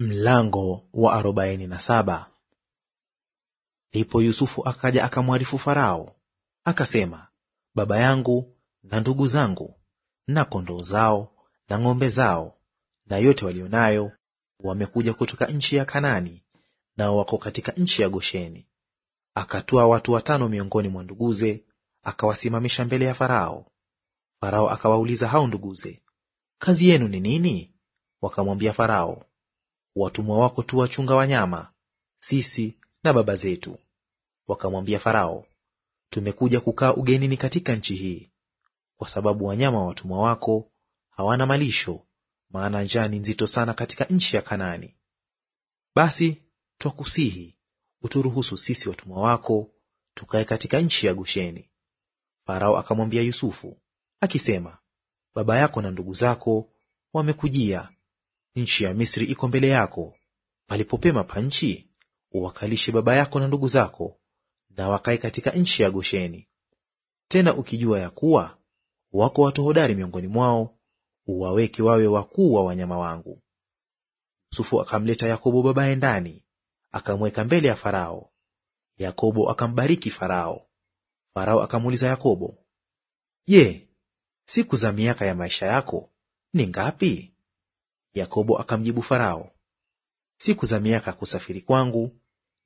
Mlango wa arobaini na saba. Ndipo Yusufu akaja akamwarifu Farao akasema, baba yangu na ndugu zangu na kondoo zao na ng'ombe zao na yote walio nayo wamekuja kutoka nchi ya kanani nao wako katika nchi ya Gosheni. akatua watu watano miongoni mwa nduguze, akawasimamisha mbele ya Farao. Farao akawauliza hao nduguze, kazi yenu ni nini? Wakamwambia Farao, watumwa wako tu wachunga wanyama, sisi na baba zetu. Wakamwambia Farao, tumekuja kukaa ugenini katika nchi hii, kwa sababu wanyama wa watumwa wako hawana malisho, maana njaa ni nzito sana katika nchi ya Kanaani. Basi twakusihi uturuhusu sisi watumwa wako tukae katika nchi ya Gosheni. Farao akamwambia Yusufu akisema, baba yako na ndugu zako wamekujia Nchi ya Misri iko mbele yako; palipopema pa nchi uwakalishe baba yako na ndugu zako, na wakae katika nchi ya Gosheni. Tena ukijua ya kuwa wako watu hodari miongoni mwao, uwaweke wawe wakuu wa wanyama wangu. Yusufu akamleta Yakobo babaye ndani, akamweka mbele ya Farao. Yakobo akambariki Farao. Farao akamuuliza Yakobo, Je, siku za miaka ya maisha yako ni ngapi? Yakobo akamjibu Farao, siku za miaka ya kusafiri kwangu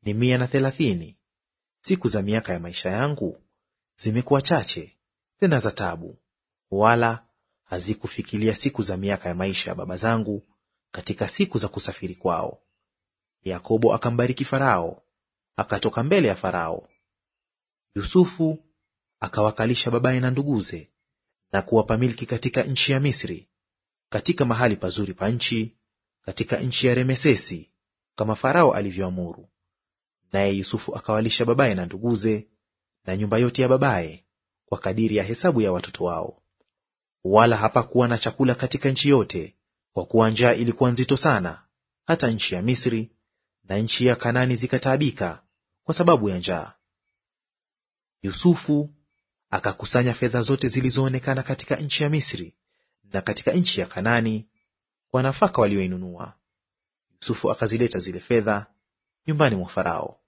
ni mia na thelathini. Siku za miaka ya maisha yangu zimekuwa chache tena za tabu, wala hazikufikilia siku za miaka ya maisha ya baba zangu katika siku za kusafiri kwao. Yakobo akambariki Farao, akatoka mbele ya Farao. Yusufu akawakalisha babaye na nduguze na kuwapa milki katika nchi ya Misri, katika mahali pazuri pa nchi, katika nchi ya Remesesi, kama Farao alivyoamuru. Naye Yusufu akawalisha babaye na nduguze na nyumba yote ya babaye kwa kadiri ya hesabu ya watoto wao. Wala hapakuwa na chakula katika nchi yote, kwa kuwa njaa ilikuwa nzito sana, hata nchi ya Misri na nchi ya Kanani zikataabika kwa sababu ya njaa. Yusufu akakusanya fedha zote zilizoonekana katika nchi ya Misri na katika nchi ya Kanani kwa nafaka walioinunua. Yusufu akazileta zile fedha nyumbani mwa Farao.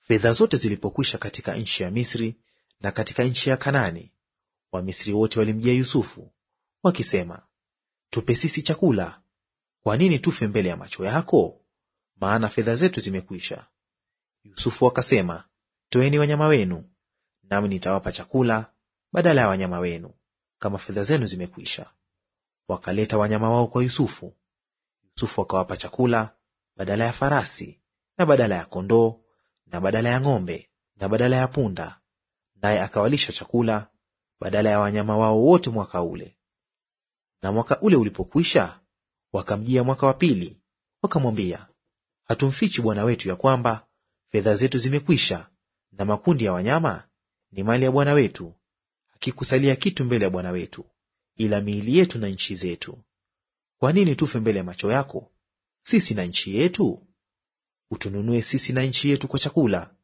Fedha zote zilipokwisha katika nchi ya Misri na katika nchi ya kanani Wamisri wote walimjia Yusufu wakisema, tupe sisi chakula, kwa nini tufe mbele ya macho yako? Maana fedha zetu zimekwisha. Yusufu akasema, toeni wanyama wenu, nami nitawapa chakula badala ya wanyama wenu kama fedha zenu zimekwisha. Wakaleta wanyama wao kwa Yusufu. Yusufu akawapa chakula badala ya farasi na badala ya kondoo na badala ya ng'ombe na badala ya punda, naye akawalisha chakula badala ya wanyama wao wote mwaka ule. Na mwaka ule ulipokwisha, wakamjia mwaka wa pili, wakamwambia, hatumfichi bwana wetu ya kwamba fedha zetu zimekwisha, na makundi ya wanyama ni mali ya bwana wetu, kikusalia kitu mbele ya Bwana wetu ila miili yetu na nchi zetu. Kwa nini tufe mbele ya macho yako, sisi na nchi yetu? Utununue sisi na nchi yetu kwa chakula,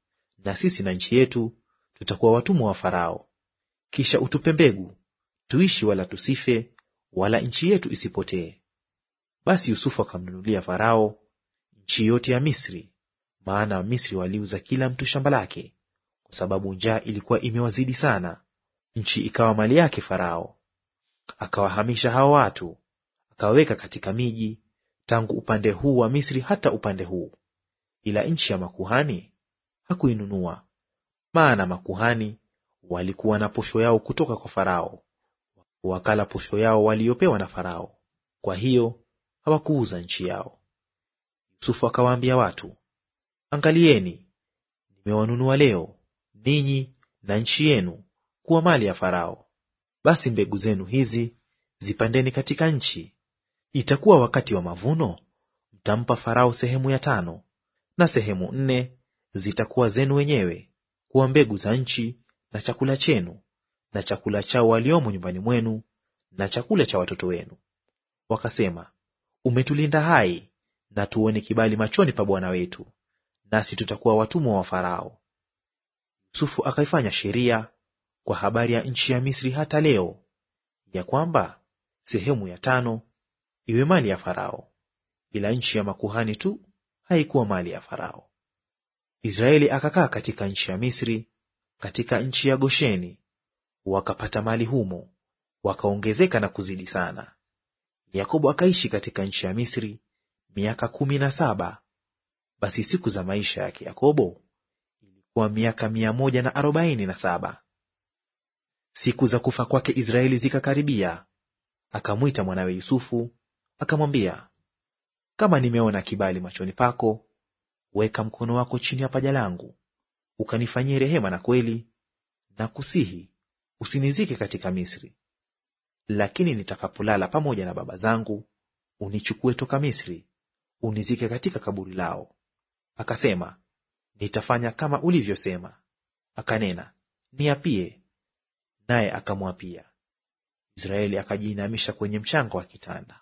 na sisi na nchi yetu tutakuwa watumwa wa Farao. Kisha utupe mbegu, tuishi wala tusife, wala nchi yetu isipotee. Basi Yusufu akamnunulia Farao nchi yote ya Misri, maana Wamisri waliuza kila mtu shamba lake, kwa sababu njaa ilikuwa imewazidi sana, nchi ikawa mali yake Farao. Akawahamisha hao watu, akaweka katika miji tangu upande huu wa Misri hata upande huu. Ila nchi ya makuhani hakuinunua, maana makuhani walikuwa na posho yao kutoka kwa Farao, wakala posho yao waliyopewa na Farao. Kwa hiyo hawakuuza nchi yao. Yusufu akawaambia watu, angalieni, nimewanunua leo ninyi na nchi yenu kuwa mali ya Farao. Basi mbegu zenu hizi zipandeni katika nchi. Itakuwa wakati wa mavuno, mtampa Farao sehemu ya tano, na sehemu nne zitakuwa zenu wenyewe, kuwa mbegu za nchi na chakula chenu na chakula chao waliomo nyumbani mwenu na chakula cha watoto wenu. Wakasema, umetulinda hai na tuone kibali machoni pa bwana wetu, nasi tutakuwa watumwa wa Farao. Yusufu akaifanya sheria kwa habari ya nchi ya Misri hata leo, ya kwamba sehemu ya tano iwe mali ya Farao, ila nchi ya makuhani tu haikuwa mali ya Farao. Israeli akakaa katika nchi ya Misri, katika nchi ya Gosheni, wakapata mali humo, wakaongezeka na kuzidi sana. Yakobo akaishi katika nchi ya Misri miaka kumi na saba. Basi siku za maisha yake Yakobo ilikuwa miaka mia moja na arobaini na saba Siku za kufa kwake Israeli zikakaribia, akamwita mwanawe Yusufu akamwambia, kama nimeona kibali machoni pako, weka mkono wako chini ya paja langu, ukanifanyie rehema na kweli, na kusihi usinizike katika Misri. Lakini nitakapolala pamoja na baba zangu, unichukue toka Misri, unizike katika kaburi lao. Akasema, nitafanya kama ulivyosema. Akanena, niapie naye akamwapia. Israeli akajiinamisha kwenye mchanga wa kitanda.